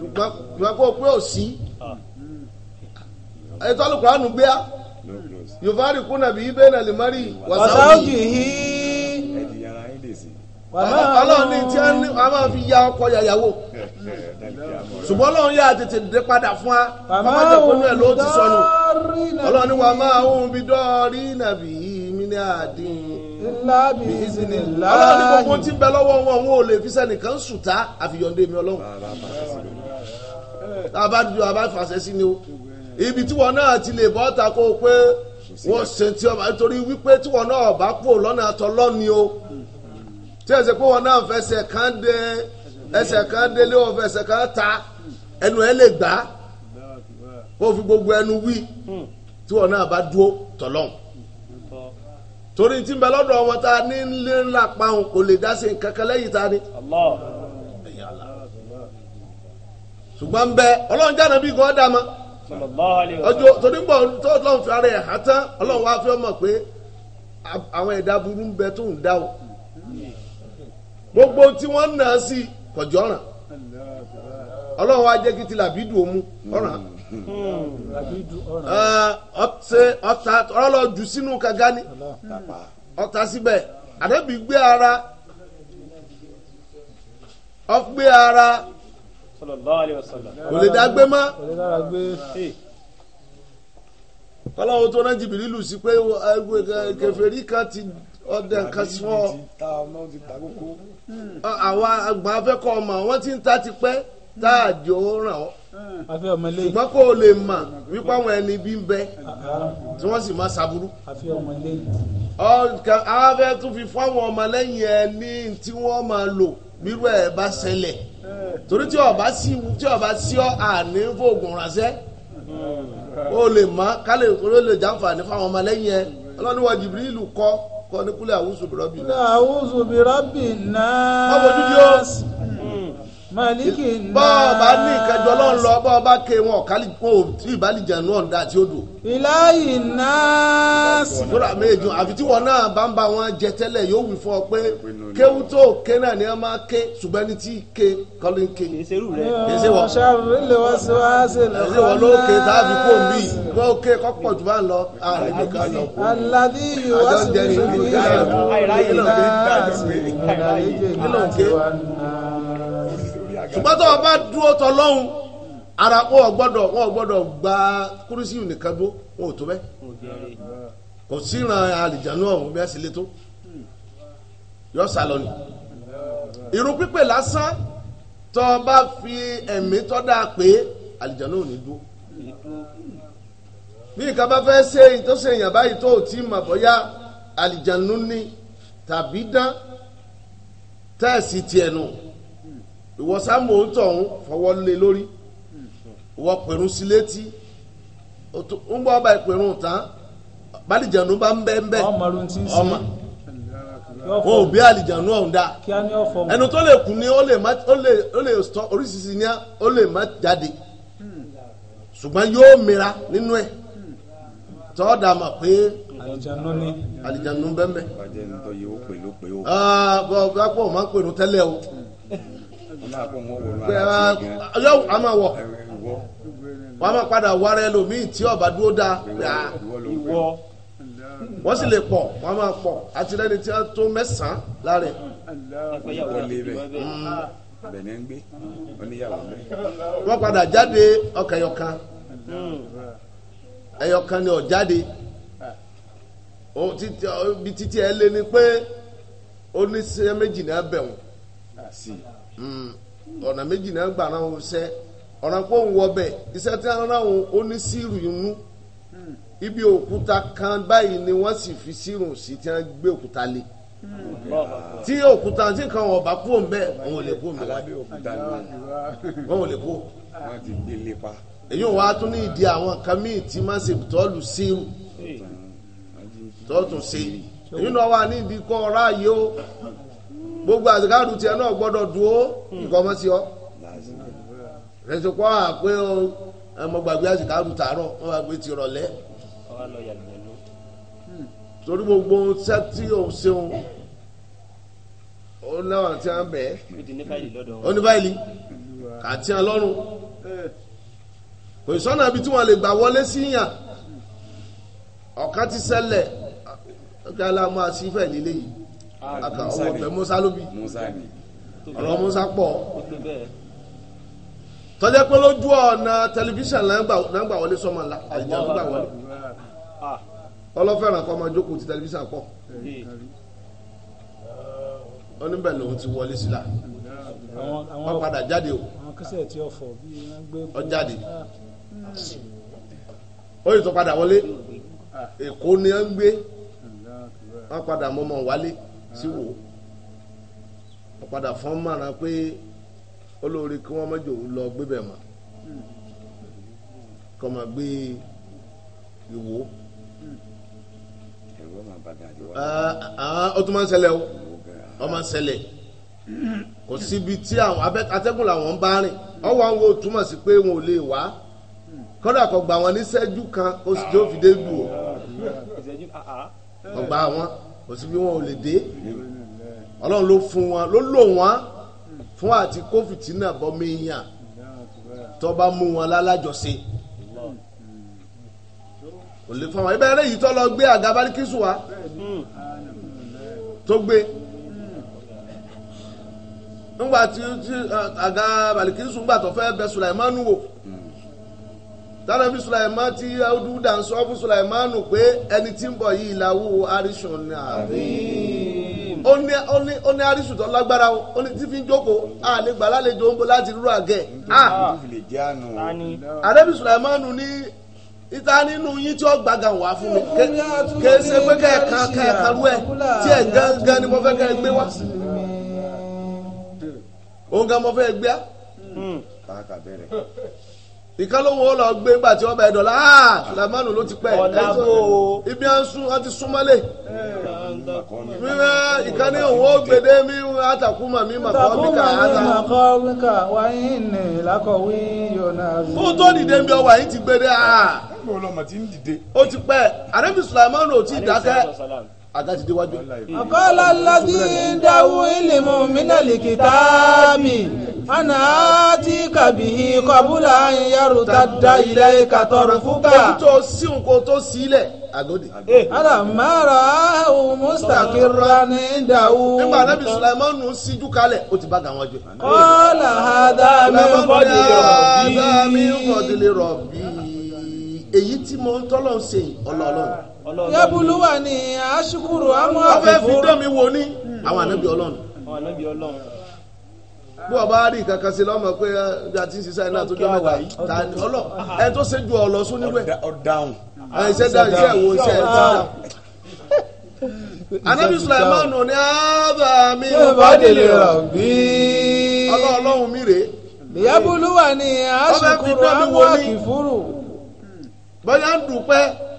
ṣùgbọ́n kó pé ò sí ẹ̀tọ́ alukuraanu gbé a yorùbá rí kúnà bí ibẹ̀ nà lè má rí wàsáwùjì hí. ọlọ́run ní tí a máa fi ya ọkọ yàyàwó ṣùgbọ́n ọlọ́run yà tètè dé padà fún wa ọmọ ìjọkùnú ẹ̀ ló ti sọnù ọlọ́run ní wà máa ń bi dọ́ọ̀rí nàbí mi ní àdín bí ìsìnì ọlọ́run ní gbogbo tí ń bẹ lọ́wọ́ wọn wọn ò lè fi sẹ́nìkan sùtá àfihàn dé mi ọlọ́run tá a bá ni o ibi tí náà ti lè bọ́ ta kó pé wọ́n ṣe tí ọba nítorí wípé tí náà bá kú lọ́nà àtọ́ lọ́ni o tí ẹ pé wọn náà fẹsẹ̀ kan dé ẹsẹ̀ kan délé wọn fẹsẹ̀ kan ta ẹnu ẹ lè gbà kó fi gbogbo ẹnu wí tí náà bá dúró tọ̀lọ́hùn torí tí ń bẹ lọ́dọ̀ wọn ta ní ńlẹ́ ńlá pa òun kò lè dá sí nǹkan kan lẹ́yìn ta ni. Allah. ṣùgbọ́n bẹ ọlọ́run jáde bí gan ọjọ ọjọ́ torí bọ̀ tó ọlọ́run fi ara ẹ̀ tán ọlọ́run wá fi ọmọ pé àwọn ẹ̀dá burú ń bẹ tó ń dá o gbogbo tí wọ́n nà á sí kọjọ́ ràn ọlọ́run wá jẹ́ kí ti làbídù òmu ọ̀ràn ọ̀tá ọlọ́ jù sínú kànga ni ọ̀tá síbẹ̀ àdébí gbé kò lè dágbé mọ́ kọ́láwó tó náà jìbìlì lù sí pé kèfèrí kan ti ọdẹ nǹkan sí wọn àwọn àgbà afẹ́kọ̀ọ́ ọmọ wọn ti ń ta ti tá àjò ràn ọ́ àfi mm. ọmọ lẹ́yìn. ṣùgbọ́n kó o lè mà wípé àwọn ẹni bí ń bẹ tí wọ́n sì máa ṣàbúrú. àfi ọmọ lẹ́yìn. ọkàn afẹ́ tún fi fún àwọn ọmọ lẹ́yìn ẹ tí wọ́n máa lò bírú bá ṣẹlẹ̀ torí tí ọba sí ọ àní fòògùn ránṣẹ́ o lè mọ kálẹ̀ ìkórè lè jàǹfààní fáwọn ọmọ lẹ́yìn ẹ ọlọ́niwọ̀n jìbìrìlù kọ́ kọ́ ní kúlẹ̀ àwùsùbìrọ́bì náà. kúlẹ̀ àwùsùbìrọ́bì náà. ọmọ dúdú yóò màlíkì náà. bọ́ọ̀ bá ní ìkẹjọ lọ́n lọ bọ́ọ̀ bá ké wọn kálí kó tí ìbálìjà náà dá tí ó dùn. ìláyì náà sì. lóra méjì àfi tí wọn náà bá ń bá wọn jẹ tẹ́lẹ̀ yóò wí fún ọ pé kéwú tó ké náà ni wọn máa ké ṣùgbọ́n ẹni tí ké kọ́lé ń ké. èsè rú rẹ èsè wọ. ló ké tàbí kó mi wọ́n ké kọ́pọ̀ jù bá ń lọ ààrẹ mi kan lọ. aládé yìí wọ́n sì fi ṣùgbọ́n tó o bá dúró tọ lọ́hùn ara wọn ò gbọ́dọ̀ wọn ò gbọ́dọ̀ gba kúrúsì nìkan bó wọn ò tó bẹ́ẹ̀ kò síran àlìjánu ọ̀hún bí wọ́n sì lé tó yọ sálọ ni irun pípé lásán tó o bá fi ẹ̀mí tọ́ dáa pé àlìjánu ò ní dúró bí nǹkan bá fẹ́ ṣe ìtọ́sẹ̀ èèyàn báyìí tó ti mà bọ́yá àlìjánu ni tàbí dán tẹ́ẹ̀sì tiẹ̀ nù. No ìwọ sáàmù òun tọ̀hún fọwọ́ lé lórí ìwọ pẹ̀rún sí ọba ìpẹ̀rún tán bálìjànú bá ń bẹ́ ń bẹ́ ọmọ wọn ò bí àlìjànú ọ̀hún dá ẹnu tó lè kú ni ó lè sọ oríṣiríṣi ní ó lè má jáde ṣùgbọ́n yóò mira nínú ẹ̀ tọ́ ma pé àlìjànú bẹ́ẹ̀ bẹ́ẹ̀. Ah, o. yọ a máa wọ wọ́n máa padà wára ẹlòmíì tí ọba dúró dá ìwọ wọ́n sì lè pọ̀ wọ́n máa pọ̀ àti lẹ́ni tí a tó mẹ́sàn-án lára ẹ̀. wọ́n padà jáde ọkà ni ibi títí ẹ lé ni pé oníṣẹ́ méjì ọ̀nà méjì náà gbà náà ń sẹ́ ọ̀nà pé òun wọ bẹ̀ iṣẹ́ tí wọ́n náà ó ní sírù inú ibi òkúta kan báyìí ni wọ́n sì fi sírù sí tí wọ́n gbé òkúta lé tí òkúta tí kan ọba kú òun bẹ́ẹ̀ òun ò lè kú òun bẹ́ẹ̀ òun ò lè kú. èyí wàá tún ní ìdí àwọn kan míì tí má ṣe tọ́lù sírù tọ́tù sí èyí náà wà ní ìdí kọ́ ọ̀rá yìí ó gbogbo àzìkárù tiẹ̀ náà gbọ́dọ̀ dúró ìkọ́mọ́ sí ọ. rẹ̀sọ̀pọ̀ àpé ọmọ ah, gbàgbé àzìkárù tààrọ̀ wọ́n wá gbé tirọ̀lẹ́. torí gbogbo ṣẹ́ tí o ṣeun ó náà tí a ń bẹ̀ ẹ́ ó ní báyìí kà tí a lọ́rùn kò sọ́nà ibi tí lè gbà wọlé sí yàn ọ̀kan ti ṣẹlẹ̀ ọ̀kan la máa sí nílé yìí àkàn ọmọ ọ̀fẹ́ Musa ló bí ọ̀rọ̀ Musa pọ̀ tọ́jẹ́ pé lójú ọ̀nà tẹlifíṣàn nàgbà wọlé sọmọ ńlá àìjà ló gbà wọlé ọlọ́fẹ̀ràn kọ́ máa jókòó ti tẹlifíṣàn pọ̀ oníbẹ̀ lòun ti wọlé sílá wọ́n padà jáde o ọjáde oyè tó padà wọlé Èkó ni ó ń gbé wọ́n padà mọ́mọ́ wálé sí wò ọ̀padà fọ́n mọ̀ràn pé olórí kí wọ́n mọ́jọ òun lọ gbébẹ̀ mọ́ kọ́ máa gbé ìwò. Ah, ah, ó tún máa ń ṣẹlẹ̀ o ó máa ń ṣẹlẹ̀ kò síbi tí àwọn atẹ́gùn làwọn ń bá rìn ọwọ́ àwọn ò túmọ̀ sí pé wọn ò lè wá kọ́dà kò gbà wọn ní kan ó sì jẹ́ òfìdé lù ó kò gbà wọn kò sí bí wọn ò lè dé ọlọ́run ló fún wọn ló lò wọn fún àti kó fìtínà bọ́mí yàn tó bá mú wọn lálájọsí kò lè fún wọn ibà eré yìí tó lọ gbé àga báríkísù wa tó gbé nígbà tí àga báríkísù ń gbà tó fẹ́ bẹ Sùlàìmánù wò tánàbí sùlàìmá tí dúdà ń sọ fún sùlàìmá nù pé ẹni tí ń bọ̀ yìí làwọ̀ àrísùn ni àbí. ó ní àrísùn tó lágbára o ó ní tí fi ń jókòó a lè gbà lálejò ń bọ̀ láti rú àgẹ̀. àdébí sùlàìmá nù ní ìta nínú yín tí ó gbàgàn wá fún mi kèé ṣe pé kẹ́ẹ̀kan kẹ́ẹ̀kan rú ẹ̀ tí ẹ̀ gángan ni mo fẹ́ kẹ́ ẹ gbé wá. òun mo fẹ́ gbé á. Hmm. ìkan lóhun ó lọ gbé ńgbà tí wọn bá ẹdọ̀la ah, áà ló ti pẹ́ ibi à ń sún ọtí súnmọ́lé mímẹ́ ìkan ní gbèdé mi àtàkùn mà mí màkọ́ mi kà á ta. kó tó dìde mi àyín ti gbèdé ah. ó ti pẹ́ àrẹ́bí sùlámánù ò tí ì dákẹ́. àtàtì déwájú. àkọ́lá lọ́dí dáwọ́ ilé mọ̀ mínàlì kìtàbì ana ti kàbí kọ́búlà ìyàrú tá dá ilé kàtọ́rọ̀ fúkà. èyí tó sí nǹkan tó sílẹ̀ àgòdì. Eh, alamara ahu mustakira ni dawu. nígbà anabi sulaimanu síjú kalẹ̀ ó ti bá ga wọn jẹ. kọ́lá hadami fọdìlẹ̀ rọ̀bì. èyí tí mo ń tọ́lọ̀ ń ṣe ọlọ́ọ̀lọ́run yẹ́bùlú wà ní aṣíkúrò àmọ́ ọ̀fẹ́ fi dán mi wò ní àwọn ànábì ọlọ́run. àwọn ànábì ọlọ́run. bí wọ́n bá rí kankan sí lọ́mọ pé ah, bí a ti ń ṣiṣẹ́ iná tó jẹ́ mẹ́ta yìí ọlọ́run ẹ tó ṣe ju ọ̀lọ́ sún níwẹ̀. iṣẹ́ dáhùn iṣẹ́ ìwò iṣẹ́ dáhùn. ànábì sulaimanu ní ábà mi bá délé rà bí. ọlọ́run mi rèé. yẹ́bùlú wà ní aṣíkúrò àmọ́ àkìfúrù. bóyá ń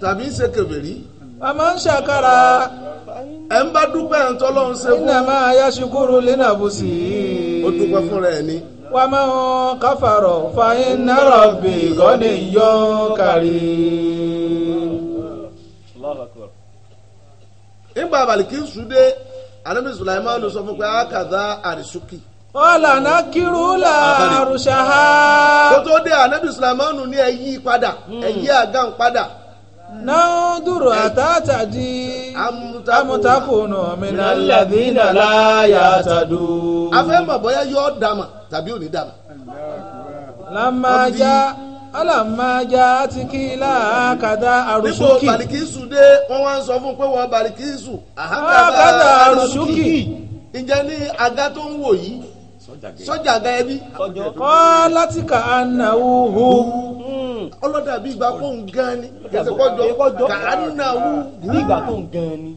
tàbí ń ṣe kèfèrí. àmọ́ ń ṣàkàrà. ẹ̀ ń bá dúpẹ́ ń tọ́ ṣe fún. ìnàmá ayáṣukúrú lẹ́nà bùsì. ó fúnra ni. wà á máa ń káfàrọ̀ fàyín náírà bè gọ́dẹ̀ yọ kárí. nígbà àbàlìkí sùdé sùláìmánu sọ fún pé àkàdá àrísùkì. ọ̀là náà kírun là àrùṣà ha. kó tó dé anabi sulaimanu ní ẹ padà hmm. ẹ yí àgàn padà. náà dúró àtàtàdì amútakùnà mìíràn lẹ́bí nàlá yàtàdù. afẹ́ mọ̀ bóyá yóò dàmà tàbí ò ní dàmà. lámájá alámájá ti kí ilá kàdá àrùsùkì. níbo bàlìkísù dé wọ́n wá ń sọ fún un pé sọ́jà gan ẹbí kọ́ láti kà á nà ó hó hmm. ọlọ́dà bí ìgbà kó ń gan ni kọ́jọ kà á nà ó hó bí ìgbà kó ń gan ni.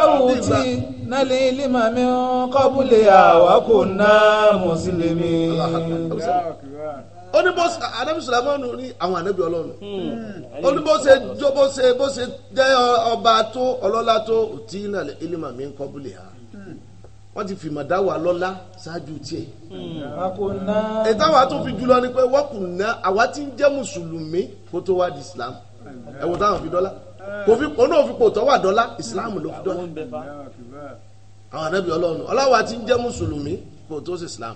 awo ti nálẹ̀ ilé màmí kọ́bùlẹ̀ àwa kò ná mùsùlùmí. ó ní bó anabi sùlámọ́nù ní àwọn anabi ọlọ́run hmm. ó ní bó ṣe jó bó ṣe bó ṣe jẹ́ ọba tó ọlọ́lá tó ti nálẹ̀ ilé màmí kọ́bùlẹ̀ àwa wọ́n ti fìmọ̀ dá wa lọ́lá ṣáájú tiẹ̀. ètò àwa tó fi jùlọ ni pé wọ́n kù ná àwa tí ń jẹ́ mùsùlùmí kó tó wá di islam ẹ̀wọ̀n táwọn fi dọ́lá kò fi òun náà fi pò tọ́wà dọ́lá islam ló fi dọ́lá. àwọn anábì ọlọ́run ọlọ́wà tí ń jẹ́ mùsùlùmí kó tó sí islam.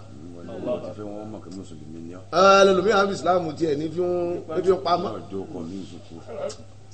ẹlòmíràn fi islam tiẹ̀ ní fi ń pamọ́.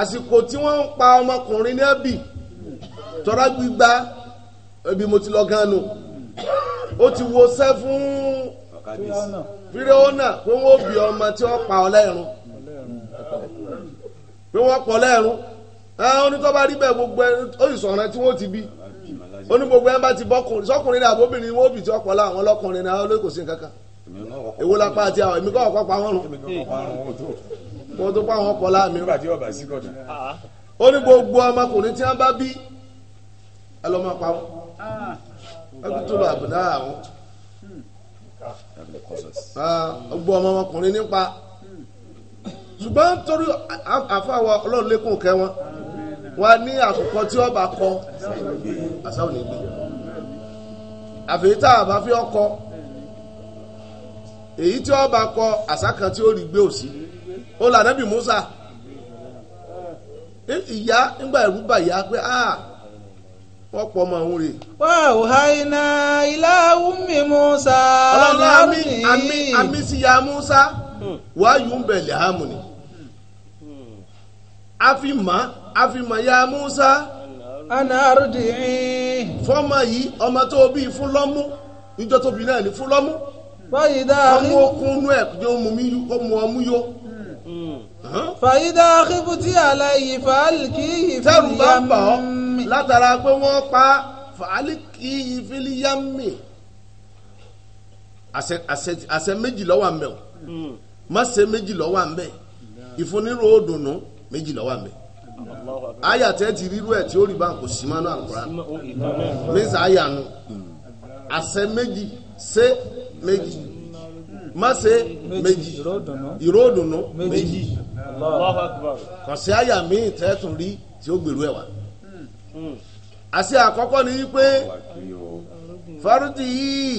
àsìkò tí wọ́n ń pa ọmọkùnrin ní ẹ̀bì tọ́ra gbígbá ẹbí mo ti lọ gan nu ó ti wo sẹ́ fún fíríọ́nà pé wọ́n bí ọmọ tí wọ́n pa ọlẹ́run pé wọ́n pọ̀ lẹ́run onítọ́ba rí bẹ́ẹ̀ gbogbo ẹ ó sì sọ̀rọ̀ tí wọ́n ti bí oní gbogbo ẹ bá ti bọ́kùnrin sọ́kùnrin ní àbóbìnrin wọ́n bì tí wọ́n pọ̀ láwọn ọlọ́kùnrin náà ló kò sí nǹkan kan èwo lápá àti àwọn èmi kọ́ ọ̀pọ̀ pa wọ́n wọn tó pa àwọn ọkọ láàmì nígbà tí ọba sí kọjá ah. ó ní gbogbo ọmọkùnrin tí wọn bá bí ẹ lọ máa pa wọn ah. ẹ tó lọ àbùdá àwọn ah, gbogbo ọmọkùnrin nípa ṣùgbọ́n torí àfàwọ̀ ọlọ́run lékún kẹ́ wọn wọn ní àkùkọ tí ọba kọ àṣàwọn nígbè àfẹ́yí tá a bá fi ọkọ èyí tí ọba kọ àṣà kan tí ó rí gbé òsì. ó là Musa ìyá ya, ẹ̀rú bà yá pé wọ́n ọmọ òun rè. wà ó ha iná ilá Musa. àmì ya Musa wáyú ń bẹ̀lẹ̀ hàmù ni. a fi mọ̀ a fi mọ̀ ya Musa. ana ardi'i. yìí ọmọ tó bí fún lọ́mú ìjọ tóbi náà ní fún lọ́mú. báyìí dáa fàyídà kíkútì àlàyé fàálìkìyì fìlíyàmì. sẹ́rù bá ń bà ọ́ látara pé wọ́n pa fàálìkìyì fìlíyàmì. àṣẹ méjì ló wà ńbẹ̀ o má ṣe méjì ló wà ńbẹ̀ ìfúnnirò òdùnnú méjì ló wà ńbẹ̀ tẹ́ ti rírú ẹ̀ tí ó rí bá kò sí mọ́nú àkùrá mísà aya àṣẹ méjì ṣe méjì má ṣe méjì ìró òdùnnú méjì kò sí àyà míì tẹ́tùn rí tí ó gbèrú ẹ̀ wá. àṣẹ àkọ́kọ́ ni wípé fárúdì yìí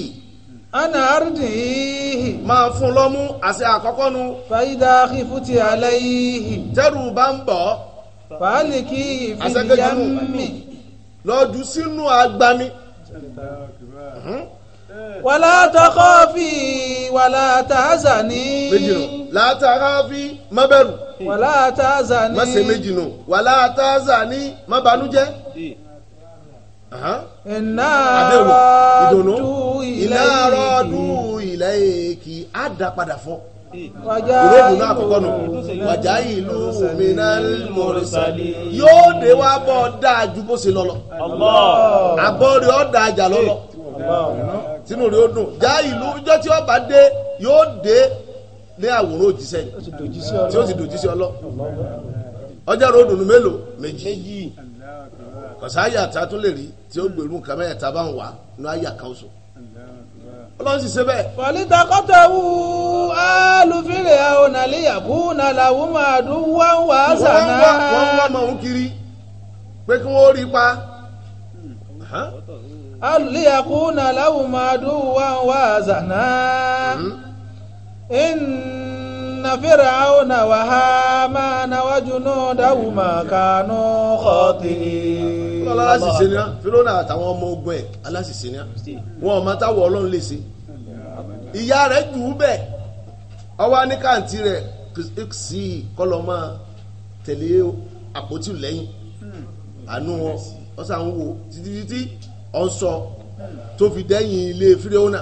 ana ardihi máa fún lọ́mú àṣẹ àkọ́kọ́ nu. fàyídà àkìfùtì aláìhì. tẹ́rù bá ń bọ̀. fàálìkì ìfìyàmì. lọ́jú sínú agbami wàlá takọ́fì wàlá tazani. méjì nù látàkọ́fì má bẹ̀rù. wàlá tazani. má ṣe méjì nù wàlá tazani má banújẹ́. iná rọ̀dù iná rọ̀dù ilẹ̀ èkì á dá padà fọ́. ìròyìn náà àkọ́kọ́ nù wàjà ìlú minal mursalin yóò dé wá bọ́ dáa ju bó ṣe lọ abọ́rẹ́ ọ̀ dáa jà lọ tinu rí ó dùn já ìlú ọjọ́ tí ọba dé yóò dé ní àwòrán òjíṣẹ́ tí ó sì dòjíṣẹ́ ọlọ́ ọjọ́ ròdù nù mélòó méjì kọ̀sáyà tá a tún lè rí tí ó gbèrú nǹkan mẹ́ta bá ń wà ní àyà kan oṣù ọlọ́run sì ṣe bẹ́ẹ̀. kọ́tà wù ọ̀nàlẹ́yàbù nàlàwù máa dùn wọ́n wà sànà. wọ́n wá máa kiri pé kí wọ́n rí aliyakuna lahuma aduwan wazana inna firauna wa hamana wa junudahuma kanu khati'in. aláṣìṣe ni fílọ́nà àtàwọn ọmọ ogun ẹ̀ aláṣìṣe ni wọn ò máa táwọn ọlọ́run lè ṣe ìyá rẹ̀ jù ú bẹ́ẹ̀ ọwọ́ ní kàǹtì rẹ̀ sí kọlọ́mọ tẹ̀lé àpótí lẹ́yìn àánú wọn ọ̀sán wo títí títí ọ̀sọ̀ tó fi dẹ́yìn ilé fíríọ́nà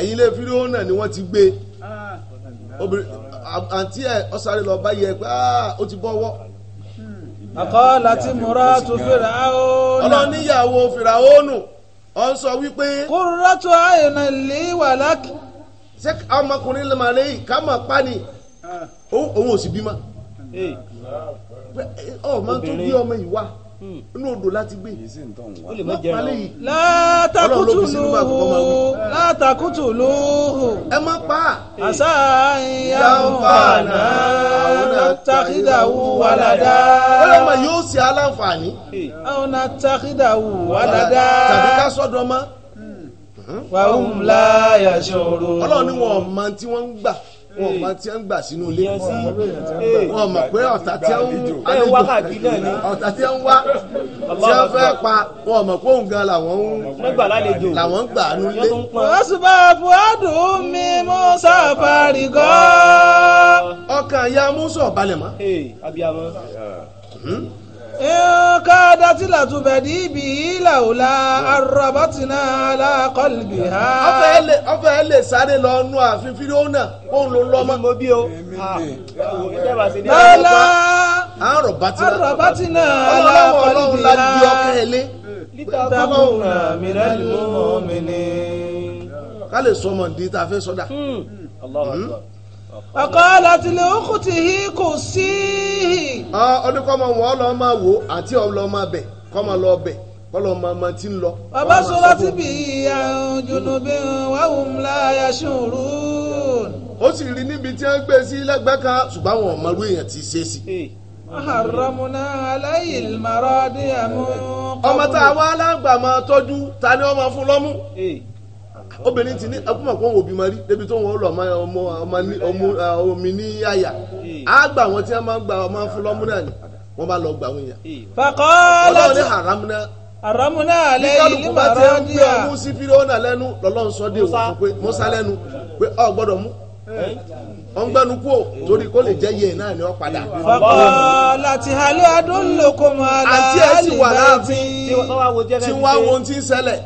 ẹ̀yìn ilé fíríọ́nà ni wọ́n ti gbé àǹtí ẹ̀ ọ̀sàrè lọ́ọ́ bá yẹ pé ah, ó ti bọ́wọ́. àkọ́ọ́lá tí muratu fìràónù. ọlọ́níyàwó fìràónù ọ̀ ń sọ wípé. kúrúrátù àyìnà lè wà lákì. ṣé ọmọkùnrin lè máa léyìn ká máa pa ni ah. òun ò sì bímọ. ọ̀ máa ń bí ọmọ yìí wá inú odò láti gbé ó lè má jẹ ẹran látàkùtùlù látàkùtùlù ẹ má pa àṣà ìyá òǹfààná tàkìdàwù wàlàdà. ọlọ́mọ yóò ṣe aláǹfààní. àwọn tàkìdàwù wàlàdà. tàbí ká sọ́dọ̀ mọ́. wàhùn láyà ṣòro. ọlọ́run ni wọ́n mọ tí wọ́n ń gbà wọn mọ tí ń gbà sínú ilé wọn mọ pé ọ̀tá tí ń ọ̀tá tí ń wá tí ń fẹ́ pa wọn mọ pé òun gan làwọn ń làwọn ń gbà nú ilé. ọ̀ṣùpá fuadùn mi mú sáfàrì gan. ọkàn ya mú sọ̀ balẹ̀ mọ́ nkaada ti la tun fẹ di ibi ilawula arabatina ala kọlibi ha. ọfẹ ẹlẹ ọfẹ ẹlẹ sáré lọ nu àfin firiona òun ló lọ mọ. mo bí o lọ́la ah, arabatina ala kọlibi ha litakuna minal mu'minin. ká lè sọmọ di tá a fẹ́ sọ́dà. Hmm. Allahu Akbar ọ̀kọ́lọ́tìlẹ̀ òkùtì yìí kò sí. ọdún kọ́ mọ wọn lọ máa wò àti ọlọ máa bẹ̀ kọ́ máa lọ bẹ̀ kọ́ lọ máa máa ti ń lọ. bàbá sọlá ti bì í àrùn jùnúbí wàhùn láyà ṣòro. ó sì rí níbi tí wọ́n gbé sí lẹ́gbẹ̀ẹ́ kan ṣùgbọ́n àwọn ọmọ ìlú èèyàn ti ṣe é sí. àhàrọ̀mùnà aláyè màrọ́dé àmú. ọmọ tá a wá láǹgbà máa tọ́jú ta ni wọ́n máa fún lọ́mú obìnrin ti ní akúmọ̀kọ́ òun òbí máa rí débi tó wọn lọ ọmọ mi ní àyà á gbà wọn tí wọn máa ń gba ọmọ fúlọ́mù náà ni wọn bá lọ gbà wọn yà. fàkọ́ọ́lá ti àràmù náà lẹ́yìn ní màrọ́díà. bí kálukú bá ti ń gbé ọmú sí fíríọ́nà lẹ́nu lọ́lọ́run sọ dé òun pé musa lẹ́nu pé ọ gbọ́dọ̀ mú wọ́n gbẹ́nu kú ò torí kó lè jẹ́ yẹ náà ni wọ́n padà. fọkọ láti halẹ́ adúlùkùn mọ́ àlá àlìbẹ́ẹ̀tì tí wọ́n wo ti ń ṣẹlẹ̀.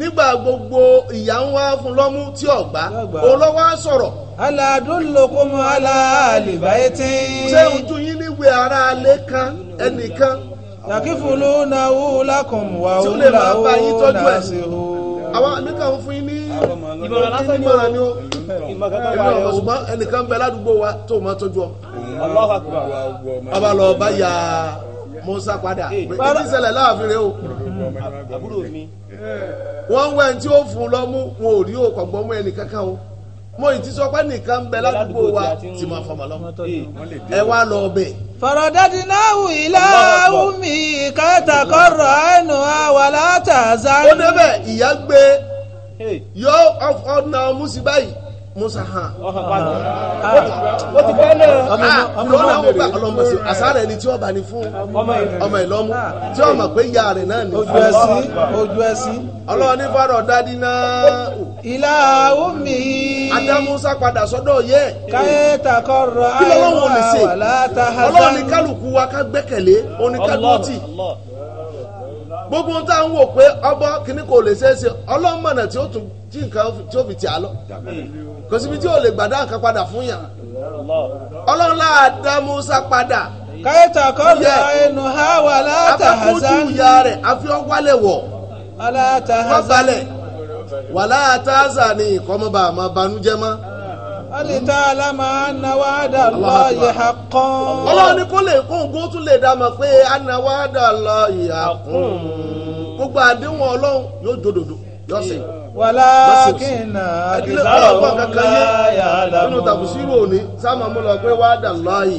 nígbà gbogbo ìyá ń wá fún lọ́mú tí ọ̀gbá olówó á sọ̀rọ̀. aládùnlókòmù aláàlìbáyé tí. ṣé ojú yín níwèé ara alẹ́ kan ẹnìkan. na náà wù wà wù làwù náà sí o. àwọn nìkan ń fún yín ní ìmọ̀ràn ìmọ̀ràn ni o. ìmọ̀ràn ọ̀sùnmọ́ ẹnìkan bẹ ládùúgbò wa tó o máa tọ́jú ọ. ọba ya. mo sá padà ètí ìṣẹ̀lẹ̀ láàfin rẹ o. àbúrò mi. wọ́n wẹ́ ẹni tí ó fún un lọ́mú wọn ò rí òkàn gbọ́mú ẹnì kankan o mo ì ti sọ pé nìkan ń bẹ ládùúgbò wa tí mo fọmọ lọ ẹ wá lọ ọbẹ. fọ̀rọ̀dádìnáwù ilá omi kátàkọ́rọ̀ ẹnu àwàlá ó débẹ̀ ìyá gbé yọ ọ̀nà ọmú sí báyìí musa hàn ó ti pẹ́ náà lọ́nà àwọn gbà ọlọ́mọ sí àsáré ẹni tí ọba ni fún ọmọ ìlọ́mú tí ọmọ pé ìyá rẹ̀ náà ni. ojú ẹsí ojú ẹsí. ọlọ́run ní fọ́rọ̀ dádì náà. ìlà omi. adá musa padà sọ́dọ̀ yẹ. káyọ̀tà kọ̀rọ̀ àìwá wà látàhásán. ọlọ́run ní kálukú wa ká gbẹ́kẹ̀lé oníkálukú tì. gbogbo nta tá ń wò pé ọgbọ́n kìíní kò lè ṣeé ṣe ọlọ́mọ̀nà tí ó tún jí nǹkan tí ó fi tì á lọ kò síbi tí ó lè gbàdá nǹkan padà fún yàn láàdá musa padà. káyọ̀tà kọ́ ẹnu ha wà látà hasan. afẹ́kújú ìyá rẹ̀ afi ọ̀wálẹ̀ wọ̀ wọ́n balẹ̀ wà látà ni ìkọ́mọba àmọ́ banújẹ́ mọ́. alìtá alámà anáwá dà lọ ìhà kan. ọlọ́run ni kó lè kóhùn kó tún lè dá mọ̀ pé anáwá dà lọ ìhà kan gbogbo àdéhùn ọlọ́run yóò jódòdó lọ́sẹ̀. wàlá kìnnà àdìsára òun láyà àdàmú. nínú tàbùsírò òní sáàmù amúlọ pé wàá dà láàyè.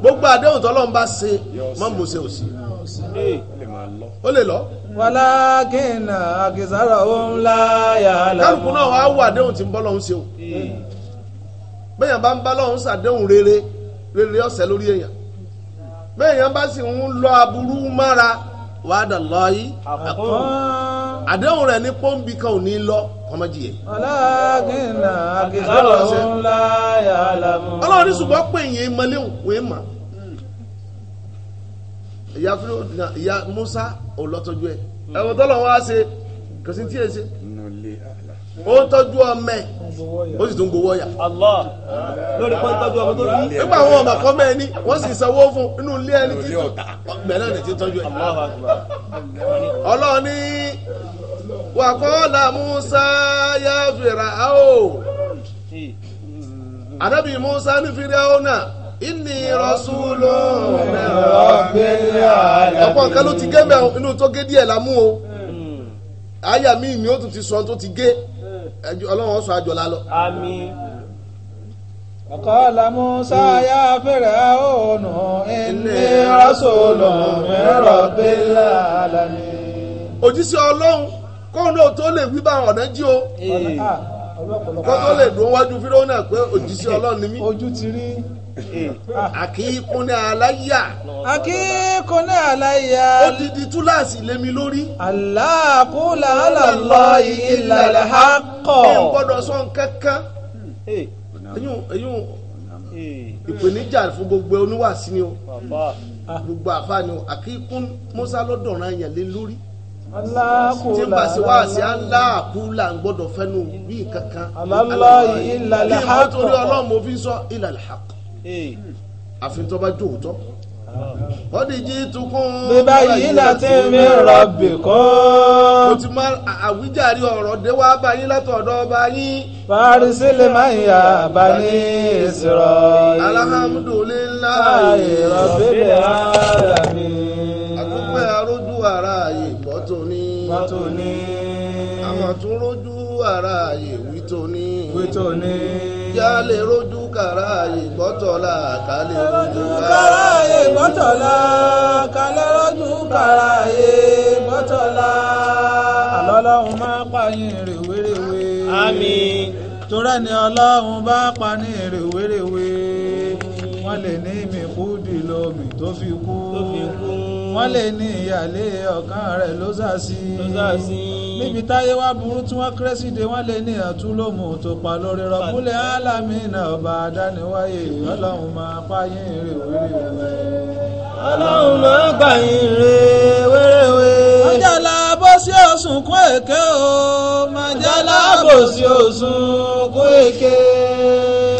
gbogbo àdéhùn tọ́lọ́run bá ṣe mọ́ mọ́ṣẹ́ òsì. ó lè lọ wàlákìnà àkìsára òun láyà àlàbọ̀. kálukú náà wàá wà déhùn tí ń bọ́ lọ́hún ṣeun bẹ́ẹ̀yàn bá ń bá lọ́hún ṣàdéhùn rere rere ọ̀sẹ̀ lórí èèyàn bẹ́ẹ̀yàn bá sì ń lọ aburú mára wàá dà lọ yìí àdéhùn rẹ̀ ní pọ́ǹbì kan ò ní lọ kọ́mọ́jìyẹ. wàlákìnà àkìsára òun láyà àlàbọ̀. ọlọ́run ní ṣùgbọ́n pé ìyẹn mọ́lẹ́hùn pé màá. Ya fúlò ya Musa ọlọ́tọ́jú ẹ̀ ẹ̀wọ̀n tó lọ́wọ́ á ṣe kò sí tí ẹ ṣe ó ń tọ́jú ọmọ ẹ̀ ó sì tún gbowó ọ̀yà. lórí pé ń tọ́jú ọmọ tó bí. nígbà àwọn ọmọ kọ́ mẹ́ẹ̀ni wọ́n sì sanwó fún inú ilé ẹni tí bẹ̀rẹ̀ ní ti tọ́jú ẹ̀. ọlọ́ọ̀ni wàkọ́ọ̀lá Musa yá fìrà áò. ànábì Musa ní fìrà áò náà. inni rasulu ọ̀pọ̀ nǹkan ló ti gé mẹ́rin inú tó gé díẹ̀ o àyà hmm. mi ni ó tún ti sọ tó ti gé ọlọ́run sọ àjọ lọ. Ọkọ Ọ̀kọ́lá Musa yá fèrè òònù inni rasulu min rabbil alamin. Òjíṣẹ́ ọlọ́run kóun tó lè wí bá ọ̀nà jí o kó tó lè dún wájú pé ọlọ́run ni mí. Ojú ti rí. àkíkúnlẹ̀ aláyà. àkíkúnlẹ̀ aláyà. ó ti di túláàsì lémi lórí. aláàkúlà àlàlọ́ ìlàlẹ̀ ha kọ̀. ẹ ń gbọ́dọ̀ sọ nǹkan kan. ẹ̀yún ẹ̀yún ìpèníjà fún gbogbo oníwàásí ni o gbogbo àfa ni o àkíkún musa ló dọ̀ràn àyàn lé lórí. tí n bá ṣe wá sí aláàkúlà ń gbọ́dọ̀ fẹ́nu wí kankan. àlàlọ́ ìlàlẹ̀ ha kọ̀. kí n mọ́tò rí ọlọ́run mo fi sọ ìlàlẹ̀ ha kọ̀. Eh, àfi tó bá jòòtọ́ ó di jí tukún. bíbá yìí láti mi rọ̀bì kan. mo ti máa àwíjàre ọ̀rọ̀ dé wá bá látọ̀dọ̀ ọba yín. lè má yà bá ní ìṣòro yìí. alhamdulillahi rabbil alamin. àtúpẹ́ arójú ara ààyè gbọ́ tóní. gbọ́ tóní. àwọn àtúrójú ara ààyè wí tóní. wí tóní já lè rójú kàrá àyè gbọ́tọ̀lá ká lè rójú kàrá àyè gbọ́tọ̀lá ká lè rójú kàrá àyè gbọ́tọ̀lá. àlọ́lọ́run máa pààyàn rèwerèwe. àmín. torẹ́ ni ọlọ́run bá pa ní rèwerèwe wọ́n lè ní mi kú dìlọ́mì tó fi kú wọ́n lè ní ìyàlé ọ̀kan rẹ̀ ló sà sí níbi táyé wá burú tí wọ́n kérésìdé wọ́n lè ní àtúlòmù tó pa lórí rọ̀kúlẹ̀ alámìnà ọba àdániwáyé ọlọ́run máa pààyàn rè wéréwé. ọlọ́run máa pààyàn rè wéréwé. ọjà làbọ̀ sí ọ̀sùn kún èké o màjà làbọ̀ sí ọ̀sùn kún èké.